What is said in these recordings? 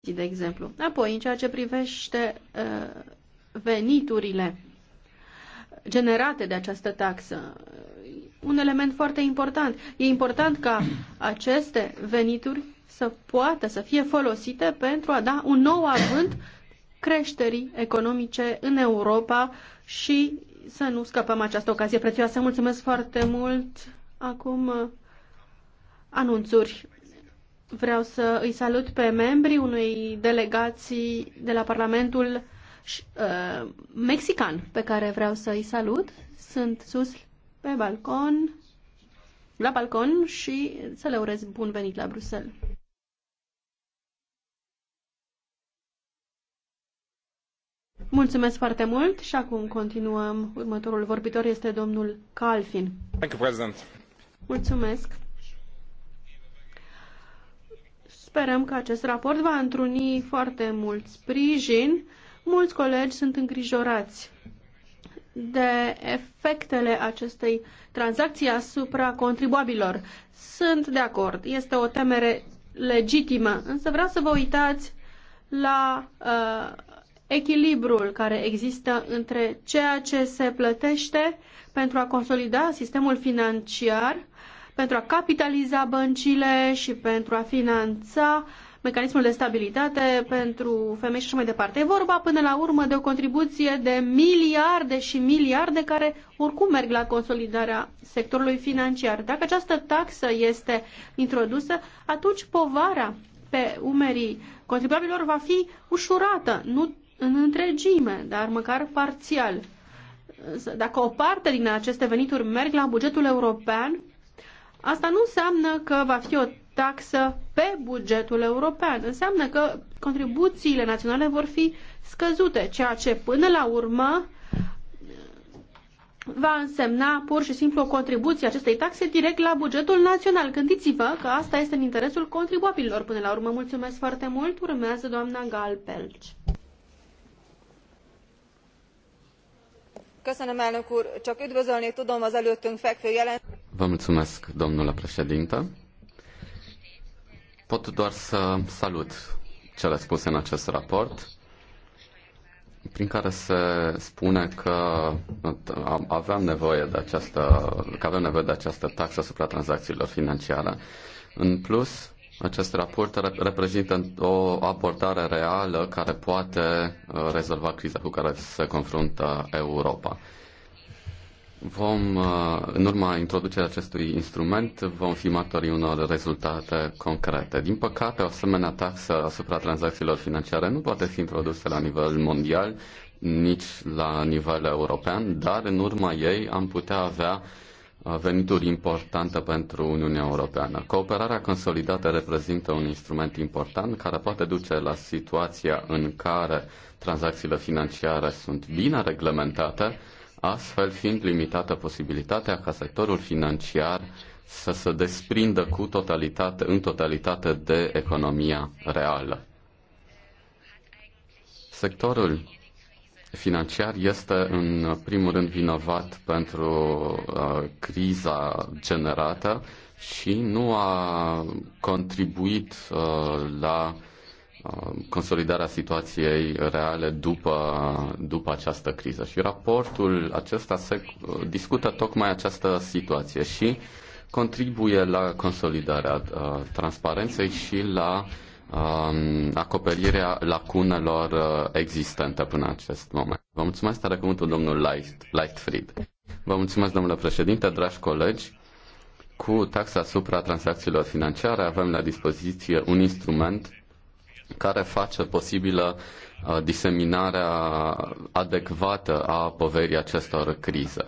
de exemplu. Apoi, în ceea ce privește uh, veniturile generate de această taxă, un element foarte important. E important ca aceste venituri să poată să fie folosite pentru a da un nou avânt creșterii economice în Europa și să nu scăpăm această ocazie prețioasă. Mulțumesc foarte mult. Acum uh, anunțuri Vreau să îi salut pe membrii unei delegații de la Parlamentul uh, Mexican, pe care vreau să îi salut. Sunt sus pe balcon, la balcon și să le urez bun venit la Bruxelles. Mulțumesc foarte mult și acum continuăm. Următorul vorbitor este domnul Calfin. Thank you, President. Mulțumesc. Sperăm că acest raport va întruni foarte mult sprijin. Mulți colegi sunt îngrijorați de efectele acestei tranzacții asupra contribuabilor. Sunt de acord, este o temere legitimă, însă vreau să vă uitați la uh, echilibrul care există între ceea ce se plătește pentru a consolida sistemul financiar pentru a capitaliza băncile și pentru a finanța mecanismul de stabilitate pentru femei și așa mai departe. E vorba până la urmă de o contribuție de miliarde și miliarde care oricum merg la consolidarea sectorului financiar. Dacă această taxă este introdusă, atunci povara pe umerii contribuabililor va fi ușurată, nu în întregime, dar măcar parțial. Dacă o parte din aceste venituri merg la bugetul european, Asta nu înseamnă că va fi o taxă pe bugetul european. Înseamnă că contribuțiile naționale vor fi scăzute, ceea ce până la urmă va însemna pur și simplu o contribuție acestei taxe direct la bugetul național. Gândiți-vă că asta este în interesul contribuabililor. Până la urmă, mulțumesc foarte mult. Urmează doamna Galpelci. csak üdvözölni tudom az előttünk fekvő jelentést. Pot doar să salut cele spuse în acest raport, prin care se spune că avem nevoie de această, că avem nevoie de această taxă asupra tranzacțiilor financiare. În plus, acest raport reprezintă o abordare reală care poate uh, rezolva criza cu care se confruntă Europa. Vom, uh, în urma introducerii acestui instrument, vom fi martorii unor rezultate concrete. Din păcate, o asemenea taxă asupra tranzacțiilor financiare nu poate fi introdusă la nivel mondial, nici la nivel european, dar în urma ei am putea avea Uh, venituri importante pentru Uniunea Europeană. Cooperarea consolidată reprezintă un instrument important care poate duce la situația în care tranzacțiile financiare sunt bine reglementate, astfel fiind limitată posibilitatea ca sectorul financiar să se desprindă cu totalitate, în totalitate de economia reală. Sectorul financiar este în primul rând vinovat pentru uh, criza generată și nu a contribuit uh, la uh, consolidarea situației reale după, după această criză. Și raportul acesta se discută tocmai această situație și contribuie la consolidarea transparenței și la uh, Um, acoperirea lacunelor uh, existente până în acest moment. Vă mulțumesc, are cuvântul domnul Leicht, Leichtfried. Vă mulțumesc, domnule președinte, dragi colegi. Cu taxa asupra tranzacțiilor financiare avem la dispoziție un instrument care face posibilă uh, diseminarea adecvată a poverii acestor crize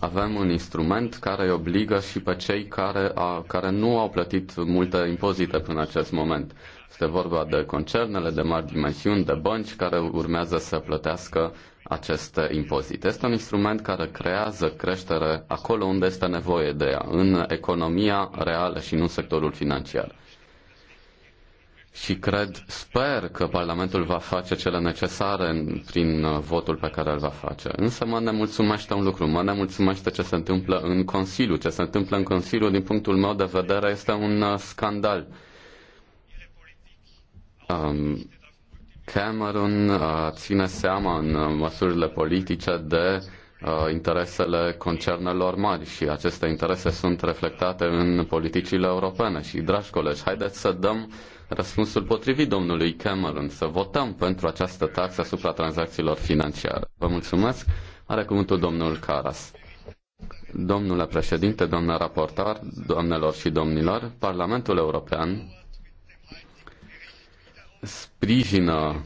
avem un instrument care îi obligă și pe cei care, a, care nu au plătit multe impozite până acest moment. Este vorba de concernele de mari dimensiuni, de bănci care urmează să plătească aceste impozite. Este un instrument care creează creștere acolo unde este nevoie de ea, în economia reală și nu în sectorul financiar și cred, sper că Parlamentul va face cele necesare prin uh, votul pe care îl va face. Însă mă nemulțumește un lucru, mă nemulțumește ce se întâmplă în Consiliu. Ce se întâmplă în Consiliu, din punctul meu de vedere, este un uh, scandal. Um, Cameron uh, ține seama în uh, măsurile politice de uh, interesele concernelor mari și aceste interese sunt reflectate în politicile europene. Și, dragi colegi, haideți să dăm uh, răspunsul potrivit domnului Cameron, să votăm pentru această taxă asupra tranzacțiilor financiare. Vă mulțumesc. Are cuvântul domnul Caras. Domnule președinte, domnule raportar, doamnelor și domnilor, Parlamentul European sprijină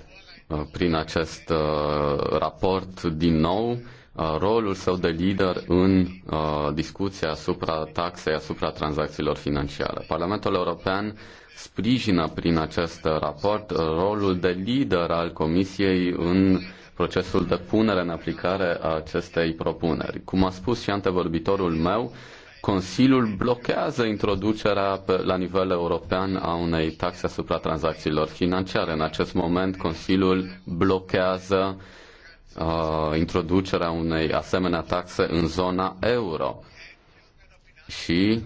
uh, prin acest uh, raport din nou Uh, rolul său de lider în uh, discuția asupra taxei, asupra tranzacțiilor financiare. Parlamentul European sprijină prin acest raport rolul de lider al Comisiei în procesul de punere în aplicare a acestei propuneri. Cum a spus și antevorbitorul meu, Consiliul blochează introducerea pe, la nivel european a unei taxe asupra tranzacțiilor financiare. În acest moment, Consiliul blochează uh, uh, introducerea unei asemenea taxe în zona euro. Și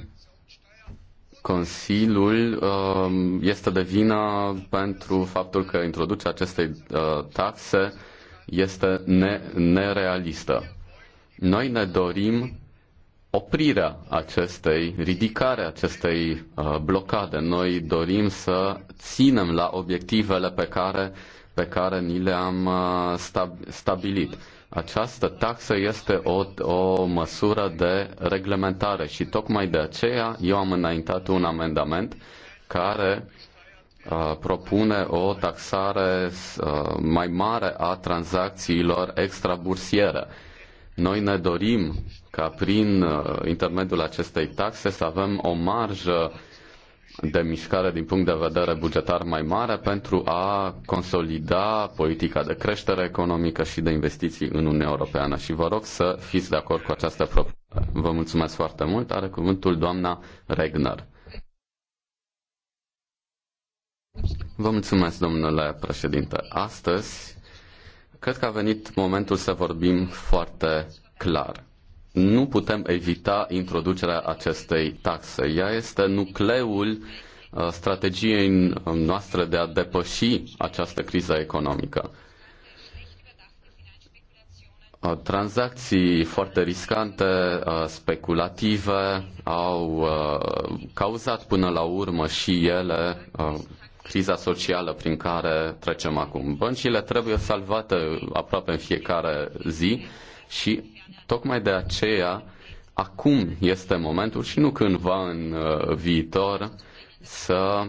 Consiliul uh, este de vină pentru faptul că introducerea acestei uh, taxe este ne- nerealistă. Noi ne dorim oprirea acestei, ridicarea acestei uh, blocade. Noi dorim să ținem la obiectivele pe care pe care ni le-am uh, stabilit. Această taxă este o, o măsură de reglementare și tocmai de aceea eu am înaintat un amendament care uh, propune o taxare uh, mai mare a tranzacțiilor extrabursiere. Noi ne dorim ca prin intermediul acestei taxe să avem o marjă de mișcare din punct de vedere bugetar mai mare pentru a consolida politica de creștere economică și de investiții în Uniunea Europeană. Și vă rog să fiți de acord cu această propunere. Vă mulțumesc foarte mult. Are cuvântul doamna Regner. Vă mulțumesc, domnule președinte. Astăzi, cred că a venit momentul să vorbim foarte clar nu putem evita introducerea acestei taxe. Ea este nucleul uh, strategiei uh, noastre de a depăși această criză economică. Uh, tranzacții foarte riscante, speculative, au cauzat până la urmă și ele criza socială prin care trecem acum. Băncile trebuie salvate aproape în fiecare zi și tocmai de aceea acum este momentul și nu cândva în uh, viitor să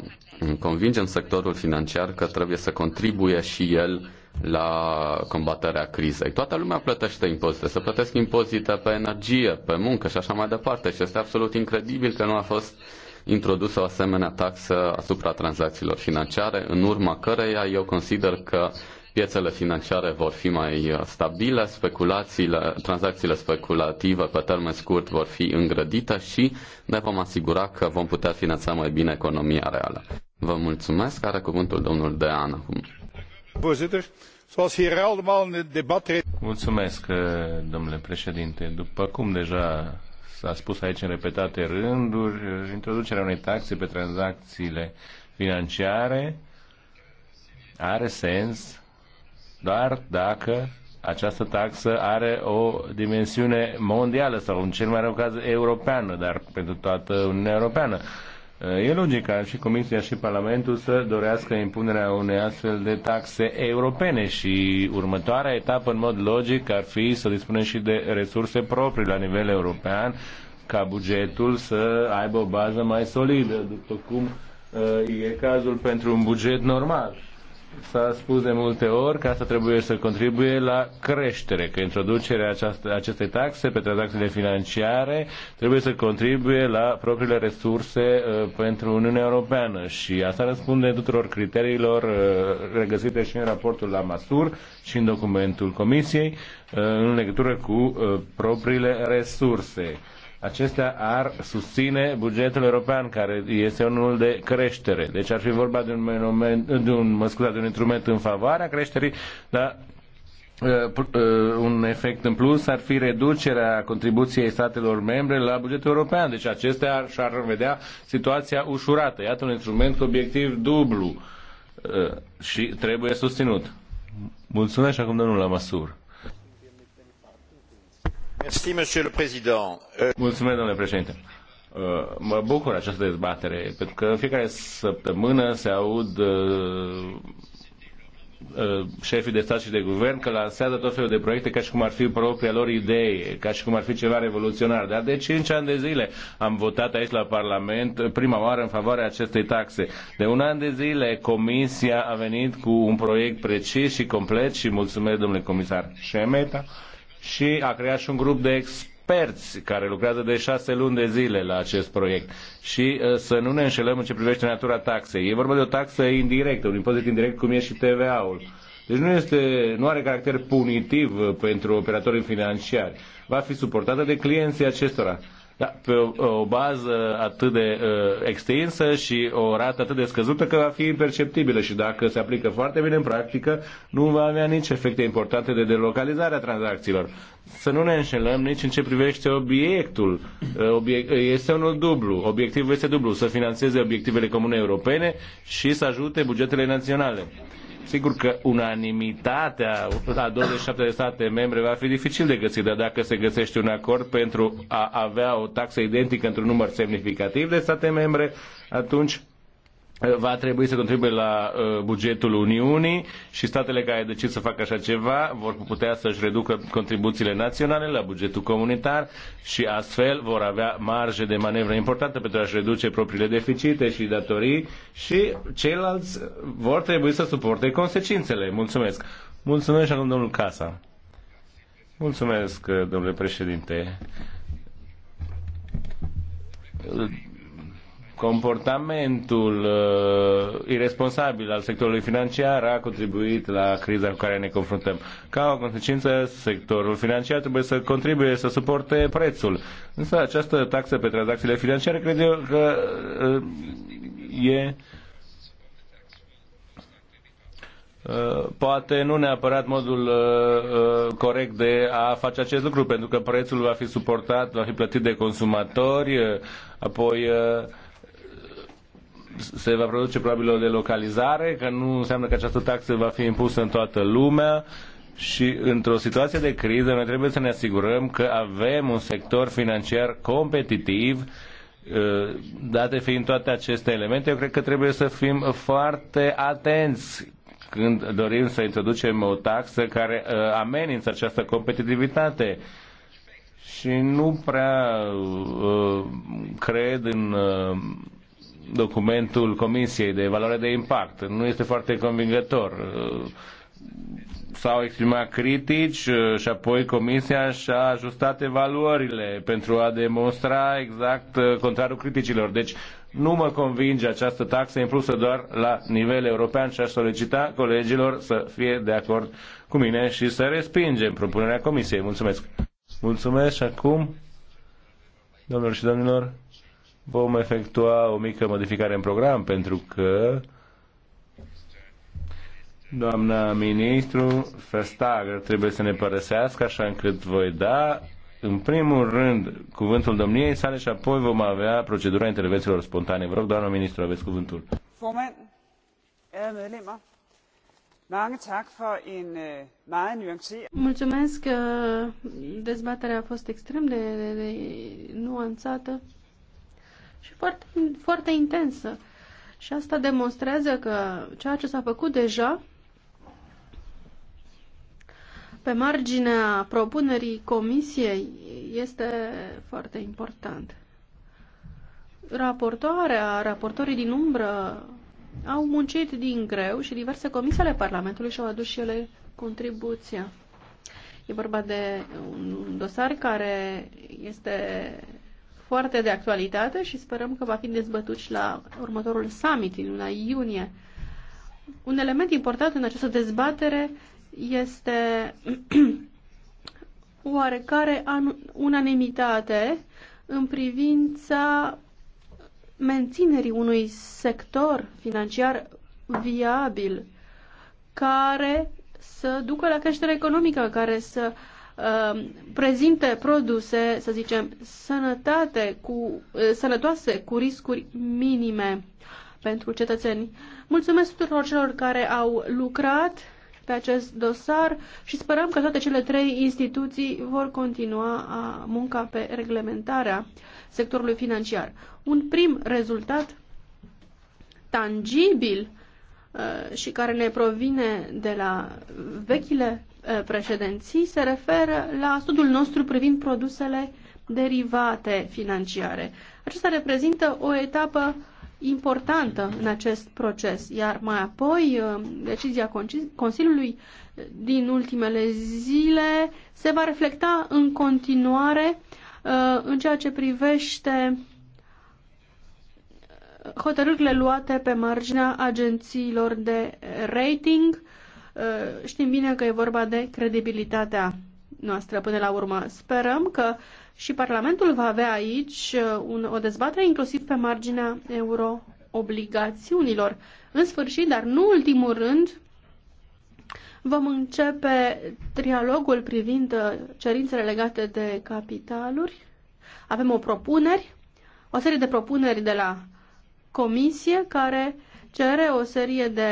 convingem sectorul financiar că trebuie să contribuie și el la combaterea crizei. Toată lumea plătește impozite, se plătesc impozite pe energie, pe muncă și așa mai departe și este absolut incredibil că nu a fost introdusă o asemenea taxă asupra tranzacțiilor financiare, în urma căreia eu consider că piețele financiare vor fi mai uh, stabile, speculațiile, tranzacțiile speculative pe termen scurt vor fi îngrădite și ne vom asigura că vom putea finanța mai bine economia reală. Vă mulțumesc. Are cuvântul domnul Dean acum. Mulțumesc, uh, domnule președinte. După cum deja s-a spus aici în repetate rânduri, uh, introducerea unei taxe pe tranzacțiile financiare are sens doar dacă această taxă are o dimensiune mondială sau în cel mai rău caz europeană, dar pentru toată Uniunea Europeană. E logic ca și Comisia și Parlamentul să dorească impunerea unei astfel de taxe europene și următoarea etapă, în mod logic, ar fi să dispunem și de resurse proprii la nivel european, ca bugetul să aibă o bază mai solidă, după cum uh, e cazul pentru un buget normal s-a spus de multe ori că asta trebuie să contribuie la creștere, că introducerea aceasta, acestei taxe pe tranzacțiile financiare trebuie să contribuie la propriile resurse uh, pentru Uniunea Europeană și asta răspunde tuturor criteriilor uh, regăsite și în raportul la Masur și în documentul Comisiei uh, în legătură cu uh, propriile resurse acestea ar susține bugetul european, care este unul de creștere. Deci ar fi vorba de un, menomen, de un, mă scuza, de un instrument în favoarea creșterii, dar uh, uh, un efect în plus ar fi reducerea contribuției statelor membre la bugetul european. Deci acestea și-ar vedea situația ușurată. Iată un instrument cu obiectiv dublu uh, și trebuie susținut. Mulțumesc acum domnul Lamasur. Euh, mulțumesc, domnule președinte. Uh, mă bucur această dezbatere, pentru că în fiecare săptămână se aud uh, uh, șefii de stat și de guvern că lansează tot felul de proiecte ca și cum ar fi propria lor idee, ca și cum ar fi ceva revoluționar. Dar de 5 ani de zile am votat aici la Parlament prima oară în favoarea acestei taxe. De un an de zile Comisia a venit cu un proiect precis și complet și mulțumesc domnule comisar Șemeta și a creat și un grup de experți care lucrează de șase luni de zile la acest proiect. Și uh, să nu ne înșelăm în ce privește natura taxei. E vorba de o taxă indirectă, un impozit indirect cum e și TVA-ul. Deci nu, este, nu are caracter punitiv uh, pentru operatorii financiari. Va fi suportată de clienții acestora. Da, pe o, o bază atât de uh, extinsă și o rată atât de scăzută că va fi imperceptibilă și dacă se aplică foarte bine în practică, nu va avea nici efecte importante de delocalizare a tranzacțiilor. Să nu ne înșelăm nici în ce privește obiectul. Uh, obiect, este unul dublu. Obiectivul este dublu, să financeze obiectivele comune europene și să ajute bugetele naționale. Sigur că unanimitatea la 27 de state membre va fi dificil de găsit, dar dacă se găsește un acord pentru a avea o taxă identică într-un număr semnificativ de state membre, atunci va trebui să contribuie la uh, bugetul Uniunii și statele care decid să facă așa ceva vor putea să-și reducă contribuțiile naționale la bugetul comunitar și astfel vor avea marge de manevră importantă pentru a-și reduce propriile deficite și datorii și ceilalți vor trebui să suporte consecințele. Mulțumesc! Mulțumesc și acum domnul Casa. Mulțumesc, domnule președinte comportamentul uh, irresponsabil al sectorului financiar a contribuit la criza cu care ne confruntăm. Ca o consecință, sectorul financiar trebuie să contribuie să suporte prețul. Însă această taxă pe tranzacțiile financiare cred eu că uh, e uh, poate nu neapărat modul uh, uh, corect de a face acest lucru, pentru că prețul va fi suportat, va fi plătit de consumatori, uh, apoi uh, se va produce probabil o delocalizare, că nu înseamnă că această taxă va fi impusă în toată lumea și într-o situație de criză noi trebuie să ne asigurăm că avem un sector financiar competitiv ă, date fiind toate aceste elemente, eu cred că trebuie să fim foarte atenți când dorim să introducem o taxă care ă, amenință această competitivitate și nu prea ă, cred în documentul Comisiei de Valoare de Impact. Nu este foarte convingător. S-au exprimat critici uh, și apoi Comisia și-a ajustat evaluările pentru a demonstra exact uh, contrarul criticilor. Deci nu mă convinge această taxă impusă doar la nivel european și aș solicita colegilor să fie de acord cu mine și să respingem propunerea Comisiei. Mulțumesc! Mulțumesc și acum, domnilor și domnilor, vom efectua o mică modificare în program, pentru că doamna ministru Festager trebuie să ne părăsească, așa încât voi da în primul rând cuvântul domniei sale și apoi vom avea procedura intervențiilor spontane. Vă rog, doamna ministru, aveți cuvântul. Forman, mange tak for en øh, meget nuanceret... Mulțumesc că uh, dezbaterea a fost extrem de, de, de nuanțată și foarte, foarte intensă. Și asta demonstrează că ceea ce s-a făcut deja pe marginea propunerii comisiei este foarte important. Raportoarea, raportorii din umbră au muncit din greu și diverse comisii ale Parlamentului și-au adus și ele contribuția. E vorba de un dosar care este foarte de actualitate și sperăm că va fi dezbătut și la următorul summit în luna iunie. Un element important în această dezbatere este oarecare unanimitate în privința menținerii unui sector financiar viabil care să ducă la creștere economică, care să uh, Um, prezinte produse, să zicem, sănătate cu, uh, sănătoase, cu riscuri minime pentru cetățeni. Mulțumesc tuturor celor care au lucrat pe acest dosar și sperăm că toate cele trei instituții vor continua a munca pe reglementarea sectorului financiar. Un prim rezultat tangibil uh, și care ne provine de la vechile Uh, președinții se referă la studiul nostru privind produsele derivate financiare. Acesta reprezintă o etapă importantă în acest proces, iar mai apoi uh, decizia Consiliului din ultimele zile se va reflecta în continuare uh, în ceea ce privește hotărârile luate pe marginea agențiilor de rating Uh, știm bine că e vorba de credibilitatea noastră până la urmă. Sperăm că și Parlamentul va avea aici uh, un, o dezbatere inclusiv pe marginea euroobligațiunilor. În sfârșit, dar nu ultimul rând, vom începe trialogul privind uh, cerințele legate de capitaluri. Avem o propuneri, o serie de propuneri de la Comisie care cere o serie de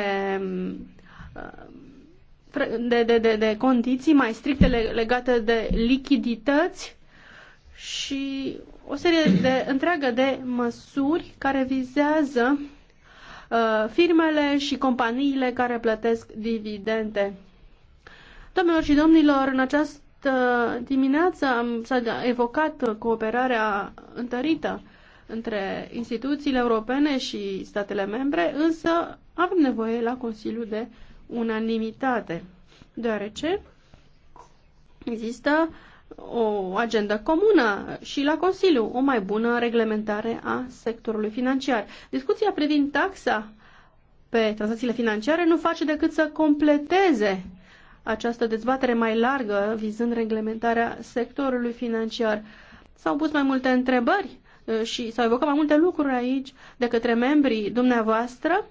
de, de, de, de condiții mai stricte legate de lichidități și o serie de întreagă de măsuri care vizează uh, firmele și companiile care plătesc dividende. Domnilor și domnilor, în această dimineață s-a evocat cooperarea întărită între instituțiile europene și statele membre, însă avem nevoie la Consiliu de unanimitate, deoarece există o agendă comună și la Consiliu, o mai bună reglementare a sectorului financiar. Discuția privind taxa pe tranzacțiile financiare nu face decât să completeze această dezbatere mai largă vizând reglementarea sectorului financiar. S-au pus mai multe întrebări uh, și s-au evocat mai multe lucruri aici de către membrii dumneavoastră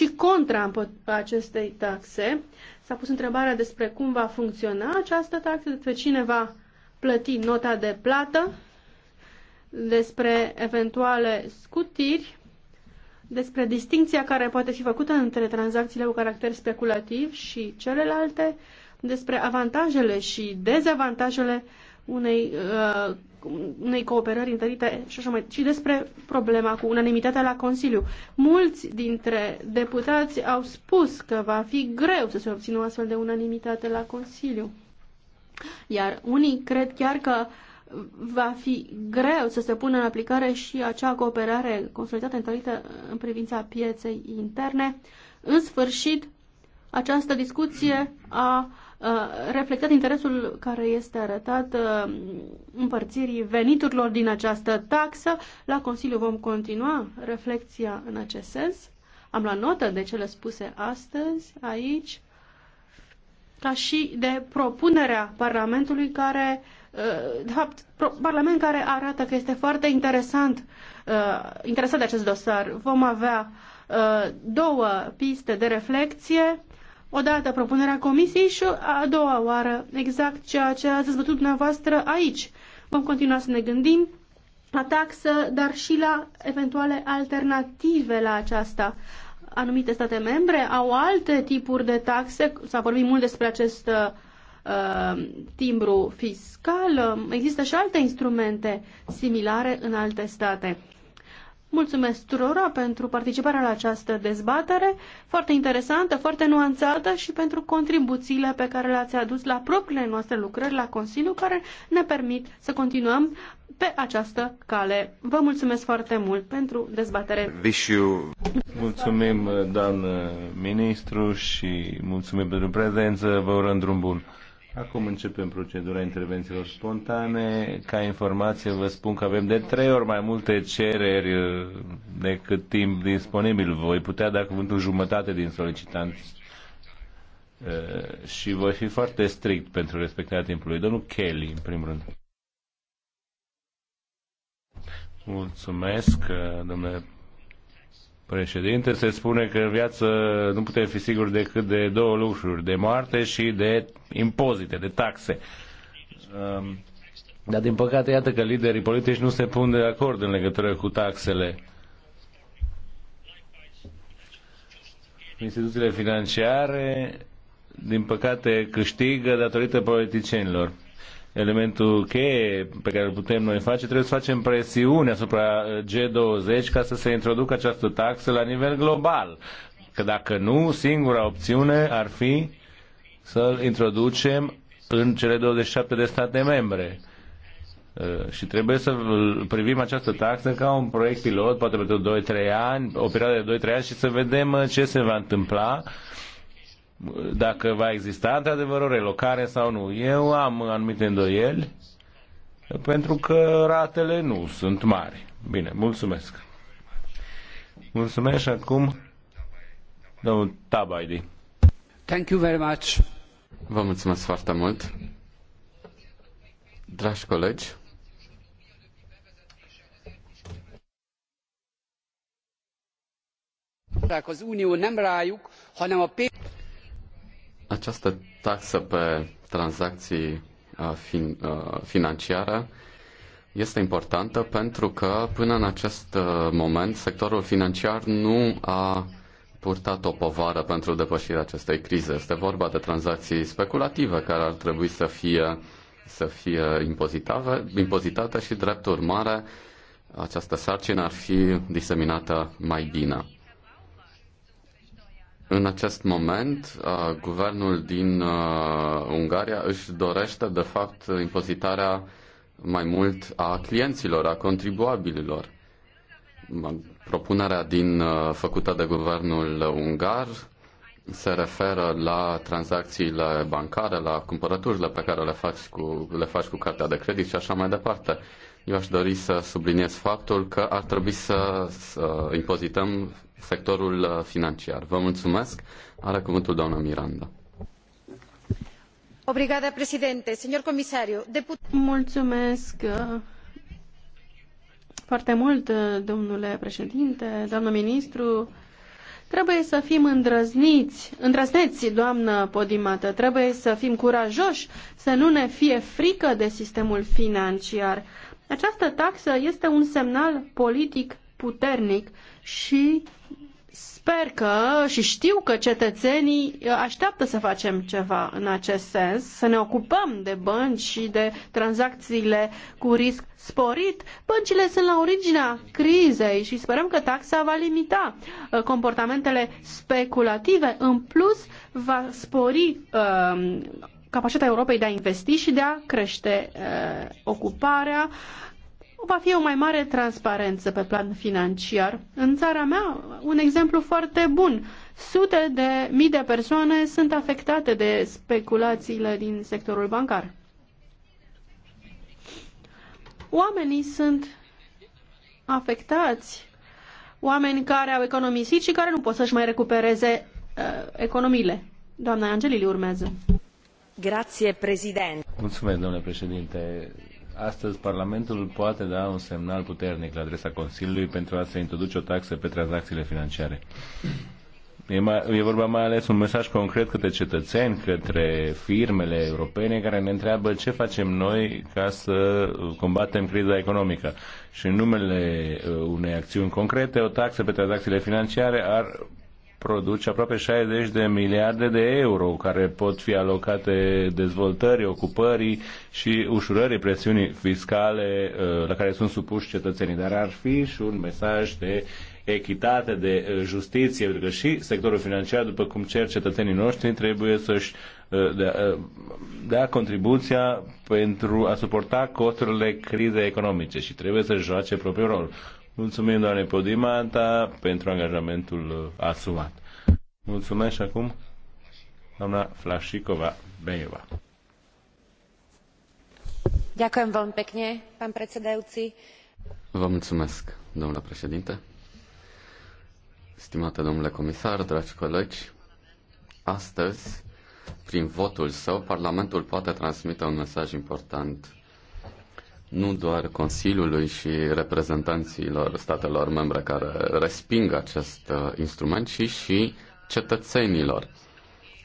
și contra acestei taxe. S-a pus întrebarea despre cum va funcționa această taxă, despre cine va plăti nota de plată, despre eventuale scutiri, despre distinția care poate fi făcută între tranzacțiile cu caracter speculativ și celelalte, despre avantajele și dezavantajele unei uh, unei cooperări întărite și așa mai și despre problema cu unanimitatea la Consiliu. Mulți dintre deputați au spus că va fi greu să se obțină o astfel de unanimitate la Consiliu. Iar unii cred chiar că va fi greu să se pună în aplicare și acea cooperare consolidată întărită în privința pieței interne. În sfârșit, această discuție a reflectat interesul care este arătat împărțirii veniturilor din această taxă. La Consiliu vom continua reflexia în acest sens. Am la notă de cele spuse astăzi aici, ca și de propunerea Parlamentului care de fapt, Parlament care arată că este foarte interesant, interesat de acest dosar. Vom avea două piste de reflexie odată propunerea comisiei și a doua oară exact ceea ce ați dezbătut dumneavoastră aici. Vom continua să ne gândim la taxă, dar și la eventuale alternative la aceasta. Anumite state membre au alte tipuri de taxe, s-a vorbit mult despre acest uh, timbru fiscal, există și alte instrumente similare în alte state. Mulțumesc tuturora pentru participarea la această dezbatere, foarte interesantă, foarte nuanțată și pentru contribuțiile pe care le-ați adus la propriile noastre lucrări la Consiliu, care ne permit să continuăm pe această cale. Vă mulțumesc foarte mult pentru dezbatere. Vișiu. Mulțumim, doamnă ministru, și mulțumim pentru prezență. Vă urăm drum bun. Acum începem procedura intervențiilor spontane. Ca informație vă spun că avem de trei ori mai multe cereri uh, decât timp disponibil. Voi putea da cuvântul jumătate din solicitanți uh, și voi fi foarte strict pentru respectarea timpului. Domnul Kelly, în primul rând. Mulțumesc, uh, domnule președinte, se spune că în viață nu putem fi siguri decât de două lucruri, de moarte și de impozite, de taxe. Um, dar din păcate, iată că liderii politici nu se pun de acord în legătură cu taxele. Instituțiile financiare, din păcate, câștigă datorită politicienilor elementul cheie pe care îl putem noi face, trebuie să facem presiune asupra G20 ca să se introducă această taxă la nivel global. Că dacă nu, singura opțiune ar fi să-l introducem în cele 27 de state membre. Uh, și trebuie să privim această taxă ca un proiect pilot, poate pentru 2-3 ani, o perioadă de 2-3 ani și să vedem uh, ce se va întâmpla dacă va exista într-adevăr o relocare sau nu. Eu am anumite îndoieli pentru că ratele nu sunt mari. Bine, mulțumesc. Mulțumesc acum domnul Tabaidi. Thank you very much. Vă mulțumesc foarte mult. Dragi colegi, az unió nem rájuk hanem a această taxă pe tranzacții uh, fin, uh, financiare este importantă pentru că până în acest uh, moment sectorul financiar nu a purtat o povară pentru depășirea acestei crize. Este vorba de tranzacții speculative care ar trebui să fie, să fie impozitate, impozitate și, drept urmare, această sarcină ar fi diseminată mai bine. În acest moment, uh, guvernul din uh, Ungaria își dorește, de fapt, impozitarea mai mult a clienților, a contribuabililor. Propunerea din, uh, făcută de guvernul ungar se referă la tranzacțiile bancare, la cumpărăturile pe care le faci cu, le faci cu cartea de credit și așa mai departe. Eu aș dori să subliniez faptul că ar trebui să, să impozităm sectorul uh, financiar. Vă mulțumesc. Are cuvântul doamna Miranda. Obrigada, președinte. Senor comisariu, deput... Mulțumesc uh, foarte mult, uh, domnule președinte, doamnă ministru. Trebuie să fim îndrăzniți, îndrăzneți, doamnă Podimată, trebuie să fim curajoși, să nu ne fie frică de sistemul financiar. Această taxă este un semnal politic puternic și sper că și știu că cetățenii așteaptă să facem ceva în acest sens, să ne ocupăm de bănci și de tranzacțiile cu risc sporit. Băncile sunt la originea crizei și sperăm că taxa va limita uh, comportamentele speculative. În plus, va spori um, capacitatea Europei de a investi și de a crește uh, ocuparea, va fi o mai mare transparență pe plan financiar. În țara mea, un exemplu foarte bun. Sute de mii de persoane sunt afectate de speculațiile din sectorul bancar. Oamenii sunt afectați, oameni care au economisit și care nu pot să-și mai recupereze uh, economiile. Doamna Angelili urmează. Mulțumesc, președinte. Astăzi Parlamentul poate da un semnal puternic la adresa Consiliului pentru a se introduce o taxă pe tranzacțiile financiare. E, mai, e vorba mai ales un mesaj concret către cetățeni, către firmele europene care ne întreabă ce facem noi ca să combatem criza economică. Și în numele uh, unei acțiuni concrete, o taxă pe tranzacțiile financiare ar produce aproape 60 de miliarde de euro care pot fi alocate dezvoltării, ocupării și ușurării presiunii fiscale uh, la care sunt supuși cetățenii. Dar ar fi și un mesaj de echitate, de uh, justiție, pentru că și sectorul financiar, după cum cer cetățenii noștri, trebuie să-și uh, dea, dea contribuția pentru a suporta costurile crizei economice și trebuie să joace propriul rol. Mulțumim, doamne Podimata, pentru angajamentul uh, asumat. Mulțumesc și acum, doamna Flașicova Beiva. Ďakujem veľmi pekne, pán predsedajúci. Vă mulțumesc, domnule președinte. Stimate domnule comisar, dragi colegi, astăzi, prin votul său, Parlamentul poate transmite un mesaj important nu doar Consiliului și reprezentanților statelor membre care resping acest uh, instrument, ci și cetățenilor.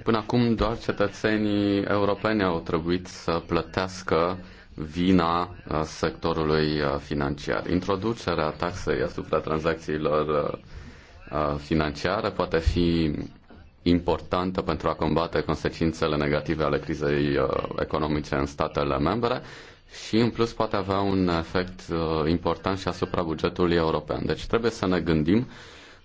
Până acum doar cetățenii europeni au trebuit să plătească vina uh, sectorului uh, financiar. Introducerea taxei asupra tranzacțiilor financiare poate fi importantă pentru a combate consecințele negative ale crizei economice în statele membre și în plus poate avea un efect uh, important și asupra bugetului european. Deci trebuie să ne gândim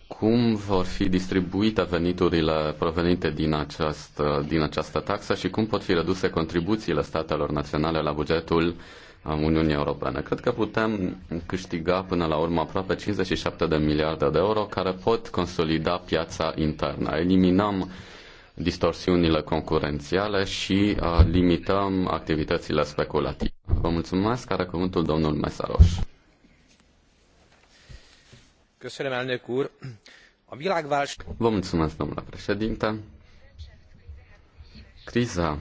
cum vor fi distribuite veniturile provenite din, acest, uh, din această taxă și cum pot fi reduse contribuțiile statelor naționale la bugetul uh, Uniunii Europene. Cred că putem câștiga până la urmă aproape 57 de miliarde de euro care pot consolida piața internă. Eliminăm uh, distorsiunile concurențiale și uh, limităm activitățile speculative. Vă mulțumesc, are cuvântul domnul Mesaros. Vă mulțumesc, domnule președinte. Criza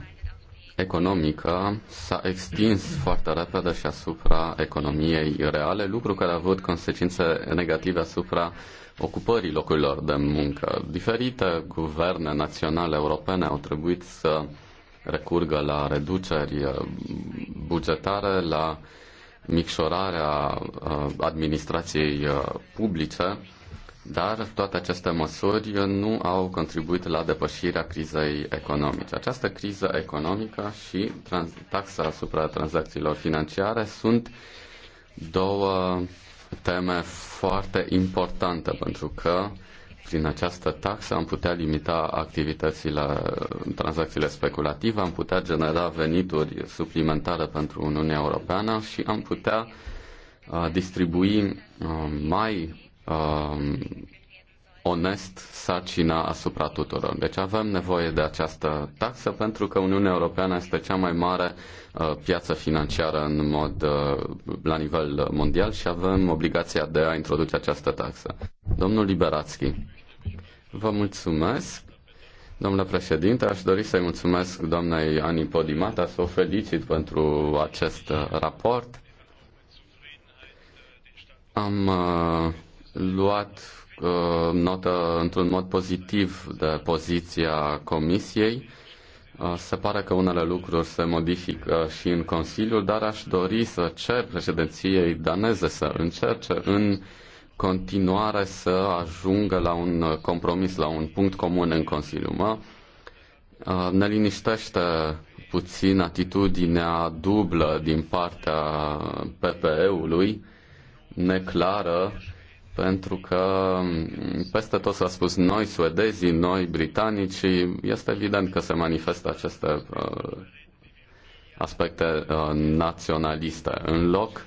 economică s-a extins foarte repede și asupra economiei reale, lucru care a avut consecințe negative asupra ocupării locurilor de muncă. Diferite guverne naționale europene au trebuit să recurgă la reduceri uh, bugetare, la micșorarea uh, administrației uh, publice dar toate aceste măsuri nu au contribuit la depășirea crizei economice. Această criză economică și taxa asupra tranzacțiilor financiare sunt două teme foarte importante pentru că prin această taxă am putea limita activitățile, tranzacțiile speculative, am putea genera venituri suplimentare pentru Uniunea Europeană și am putea uh, distribui uh, mai uh, onest sarcina asupra tuturor. Deci avem nevoie de această taxă pentru că Uniunea Europeană este cea mai mare uh, piață financiară în mod uh, la nivel mondial și avem obligația de a introduce această taxă. Domnul Liberațchi, vă mulțumesc. Domnule președinte, aș dori să-i mulțumesc doamnei Ani Podimata, să o felicit pentru acest uh, raport. Am uh, luat uh, notă într-un mod pozitiv de poziția Comisiei. Uh, se pare că unele lucruri se modifică și în Consiliu, dar aș dori să cer președinției daneze să încerce în continuare să ajungă la un compromis, la un punct comun în Consiliu. Mă, uh, ne liniștește puțin atitudinea dublă din partea PPE-ului, neclară, pentru că mm, peste tot s-a spus noi suedezii, noi britanici, este evident că se manifestă aceste uh, aspecte uh, naționaliste. În loc,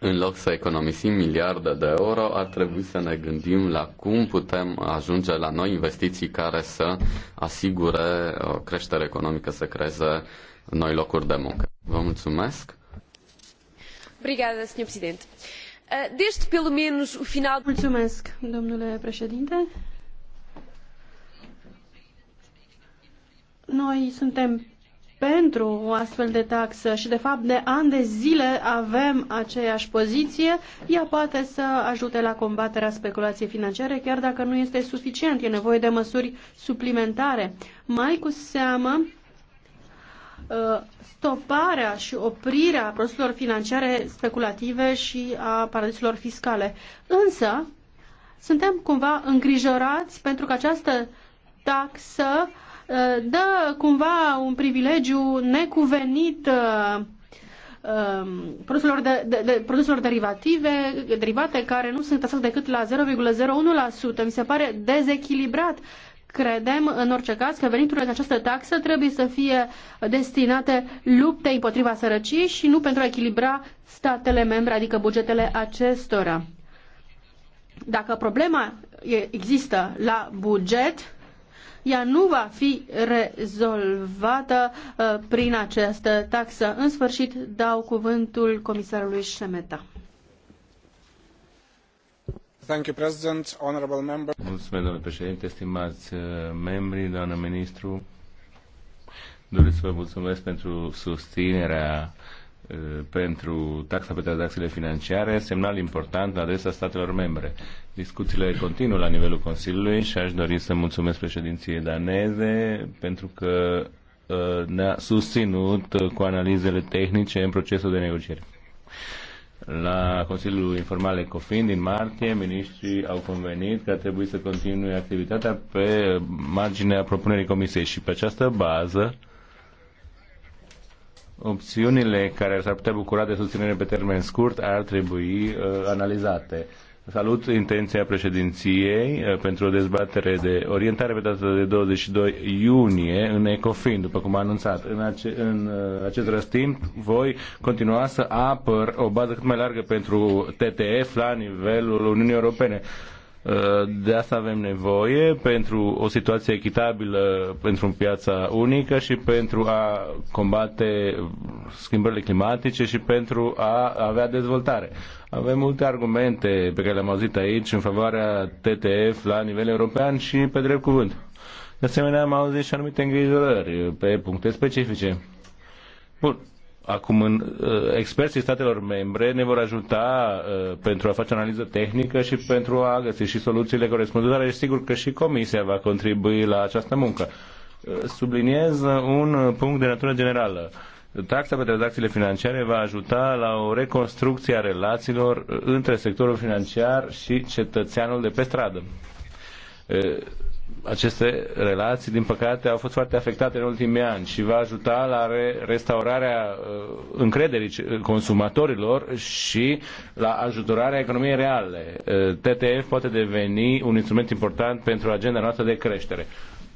în loc să economisim miliarde de euro, ar trebui să ne gândim la cum putem ajunge la noi investiții care să asigure o uh, creștere economică, să creeze noi locuri de muncă. Vă mulțumesc! Obrigada, Sr. Presidente. Eh, desde pelo menos o final. Noi suntem pentru o astfel de taxă și, de fapt, de ani de zile avem aceeași poziție, ea poate să ajute la combaterea speculației financiare, chiar dacă nu este suficient. E nevoie de măsuri suplimentare. Mai cu seamă Uh, stoparea și oprirea produselor financiare speculative și a paradisurilor fiscale. Însă, suntem cumva îngrijorați pentru că această taxă uh, dă cumva un privilegiu necuvenit uh, um, produselor, de, de, de, produselor derivative, derivate care nu sunt tasate decât la 0,01%. Mi se pare dezechilibrat Credem, în orice caz, că veniturile de această taxă trebuie să fie destinate luptei împotriva sărăciei și nu pentru a echilibra statele membre, adică bugetele acestora. Dacă problema există la buget, ea nu va fi rezolvată uh, prin această taxă. În sfârșit, dau cuvântul comisarului Șemeta. Mulțumesc, domnule președinte, stimați uh, membri, doamnă ministru. Doresc să vă mulțumesc pentru susținerea uh, pentru taxa pe tranzacțiile financiare, semnal important la adresa statelor membre. Discuțiile continuă la nivelul Consiliului și aș dori să mulțumesc președinției daneze pentru că uh, ne-a susținut cu analizele tehnice în procesul de negociere. La Consiliul Informal Ecofin din martie, ministrii au convenit că trebuie să continue activitatea pe marginea propunerii Comisiei și pe această bază opțiunile care s-ar putea bucura de susținere pe termen scurt ar trebui uh, analizate. Salut intenția președinției eh, pentru o dezbatere de orientare pe data de 22 iunie în ECOFIN, după cum a anunțat. În, ace- în eh, acest răstimp voi continua să apăr o bază cât mai largă pentru TTF la nivelul Uniunii Europene. Eh, de asta avem nevoie pentru o situație echitabilă pentru o piață unică și pentru a combate schimbările climatice și pentru a avea dezvoltare. Avem multe argumente pe care le-am auzit aici în favoarea TTF la nivel european și pe drept cuvânt. De asemenea, am auzit și anumite îngrijorări pe puncte specifice. Bun, Acum, în, uh, experții statelor membre ne vor ajuta uh, pentru a face analiză tehnică și pentru a găsi și soluțiile corespunzătoare și deci, sigur că și Comisia va contribui la această muncă. Uh, subliniez un punct de natură generală. Taxa pe tranzacțiile financiare va ajuta la o reconstrucție a relațiilor între sectorul financiar și cetățeanul de pe stradă aceste relații, din păcate, au fost foarte afectate în ultimii ani și va ajuta la re- restaurarea uh, încrederii consumatorilor și la ajutorarea economiei reale. Uh, TTF poate deveni un instrument important pentru agenda noastră de creștere.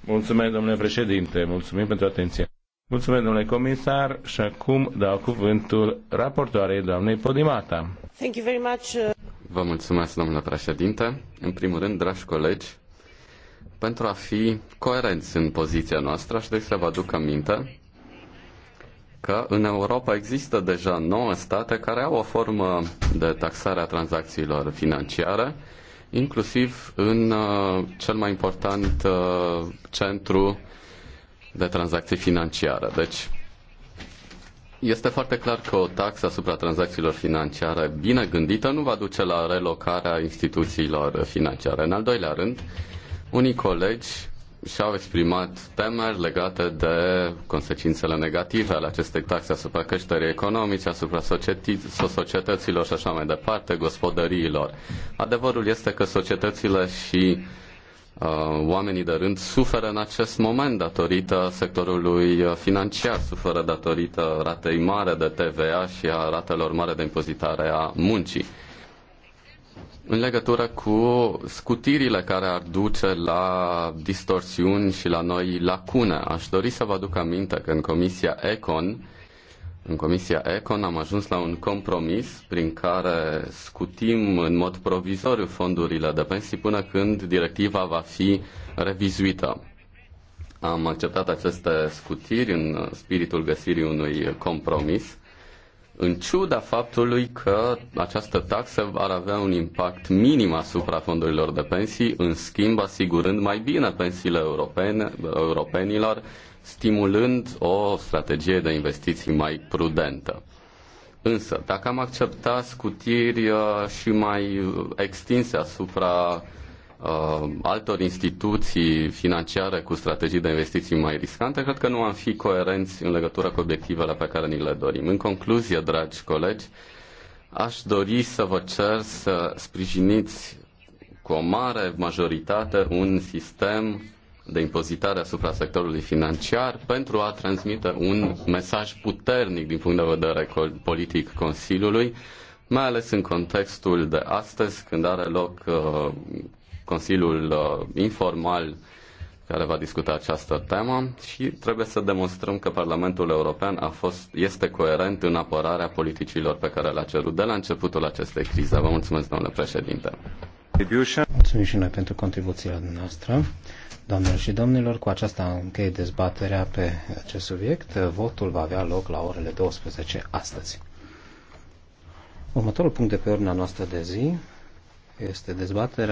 Mulțumesc, domnule președinte, mulțumim pentru atenție. Mulțumesc, domnule comisar, și acum dau cuvântul raportoarei doamnei Podimata. Thank you very much. Uh. Vă mulțumesc, domnule președinte. În primul rând, dragi colegi, pentru a fi coerenți în poziția noastră. Aș dori să vă aduc aminte că în Europa există deja 9 state care au o formă de taxare a tranzacțiilor financiare, inclusiv în uh, cel mai important uh, centru de tranzacții financiare. Deci, este foarte clar că o taxă asupra tranzacțiilor financiare bine gândită nu va duce la relocarea instituțiilor financiare. În al doilea rând, unii colegi și-au exprimat temeri legate de consecințele negative ale acestei taxe asupra creșterii economice, asupra societăților și așa mai departe, gospodăriilor. Adevărul este că societățile și uh, oamenii de rând suferă în acest moment datorită sectorului uh, financiar, suferă datorită ratei mare de TVA și a ratelor mare de impozitare a muncii în legătură cu scutirile care ar duce la distorsiuni și la noi lacune. Aș dori să vă aduc aminte că în Comisia Econ, în Comisia Econ am ajuns la un compromis prin care scutim în mod provizoriu fondurile de pensii până când directiva va fi revizuită. Am acceptat aceste scutiri în spiritul găsirii unui compromis în ciuda faptului că această taxă ar avea un impact minim asupra fondurilor de pensii, în schimb asigurând mai bine pensiile europene, europenilor, stimulând o strategie de investiții mai prudentă. Însă, dacă am acceptat scutiri uh, și mai extinse asupra uh, altor instituții financiare cu strategii de investiții mai riscante, cred că nu am fi coerenți în legătură cu obiectivele pe care ni le dorim. În concluzie, dragi colegi, aș dori să vă cer să sprijiniți cu o mare majoritate un sistem de impozitare asupra sectorului financiar pentru a transmite un mesaj puternic din punct de vedere politic Consiliului, mai ales în contextul de astăzi, când are loc uh, Consiliul uh, informal care va discuta această temă și trebuie să demonstrăm că Parlamentul European a fost, este coerent în apărarea politicilor pe care le-a cerut de la începutul acestei crize. Vă mulțumesc, domnule președinte. Mulțumim și noi pentru contribuția noastră. Doamnelor și domnilor, cu aceasta închei dezbaterea pe acest subiect. Votul va avea loc la orele 12 astăzi. Următorul punct de pe ordinea noastră de zi este dezbaterea